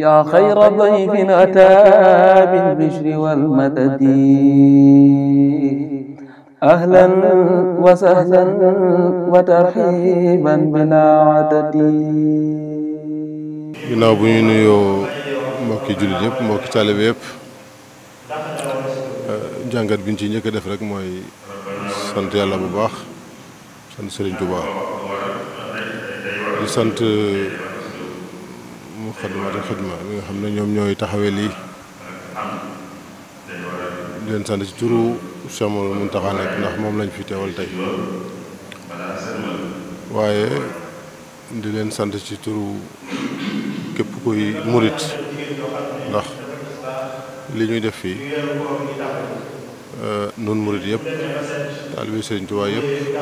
yaa xayra dayfin ataa bil bishri wal madadi wa sahlan wa tarxiiban bilaa adadi ginnaaw bu ñu nuyoo mbokki jullit yëpp mbokki taalibe yëpp euh, jàngat bi ñu ci njëkk a def rek mooy sant yàlla bu baax sant Sëriñ Tuubaa di sant Moukhaddamatoul Khidma mi nga xam ne ñoom ñooy taxawee lii leen sant ci turu Cheikh Mouhamadou Mountakha nekk ndax moom lañ fi teewal tey waaye di leen sant ci turu képp kuy murit ndax li ñuy def fii euh, nun murit yëpp taalibe Sëriñ Tuubaa yëpp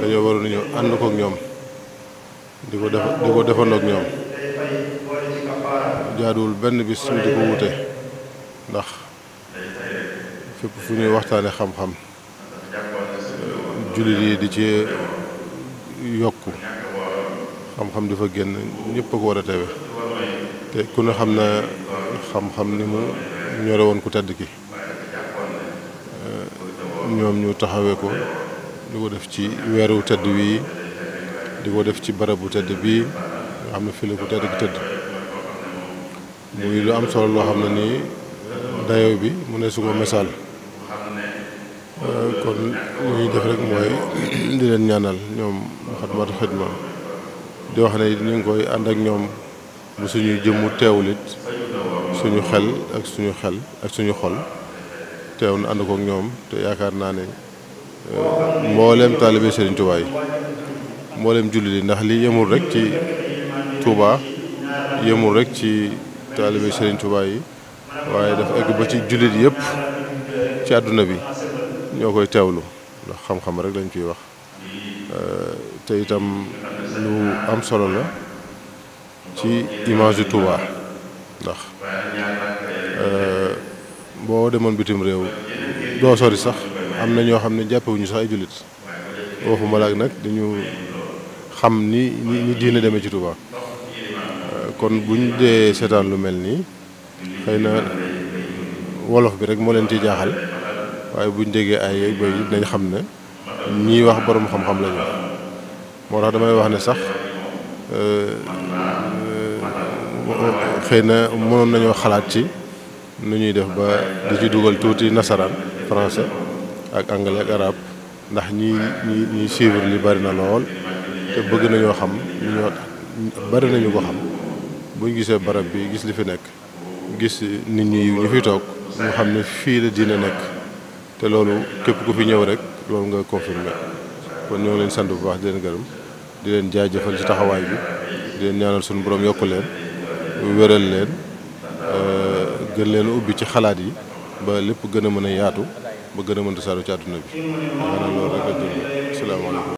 dañoo waroon ñëw ànd kook ñoom di ko def di ko ñoom jaaduwul benn bis ñu di ko wute ndax fépp fu ñuy waxtaane xam-xam jullit yi di ci yokk xam-xam di fa génn ñépp a ko war a teewe te ku ne xam na xam-xam ni mu ñore woon ku tedd ki eh, ñoom ñu taxawee ko di ko def ci weeru tedd wii di ko def ci barabu tedd bii nga xam ne fii ku tedd ki tedd muy lu am solo loo xam ne nii dayo bi mu ne su ko misaal euh, kon lu ñuy def rek mooy di leen ñaanal ñoom Moukhaddamatoul Khidma di wax ne ñu ngi koy ànd ak ñoom bu suñu jëmmu teewul it suñu xel ak suñu xel ak suñu xol teew na ànd kook ñoom te yaakaar naa ne euh, mbooleem taalibe Serigne Touba mbooleem jullit yi ndax li yemul rek ci tuubaa yemul rek ci. taalibe Serigne Touba yi waaye dafa egg ba ci jullit yëpp ci àdduna bi ñoo koy teewlu ndax xam-xam rek lañ ciy wax euh, te itam lu am solo la ci image du Touba ndax euh, boo demoon bitim réew doo sori sax am na ñoo xam ne jàppewuñu sax ay jullit waxuma laak nag dañu xam ni ni diine demee ci Touba. kon bu ñu dee seetaan lu mel nii xëy na wolof bi rek moo leen ci jaaxal waaye bu ñu déggee ay bay dañ xam ne ñii wax borom xam-xam la moo tax damay wax ne sax euh, xëy na mënoon nañoo xalaat ci nu ñuy def ba di ci dugal tuuti nasaraan français ak anglais ak arabe ndax ñi ñi ñi li bari na lool te bëgg nañoo xam ñoo bari nañu ko xam. buñ gisee barab bi gis li fi nekk gis nit ñi ñu fi toog ñu xam ne fii la diine nekk te loolu képp ko fi ñëw rek loolu nga confirmé kon ñoo ngi leen sant bu baax di leen gërëm di leen jaajëfal ci taxawaay bi di leen suñu borom yokk leen wéral leen euh, gën leen ubbi ci xalaat yi ba lépp gën a mën a yaatu ba gën a mën a ci àdduna bi maanaam loolu rek la jëm salaamaaleykum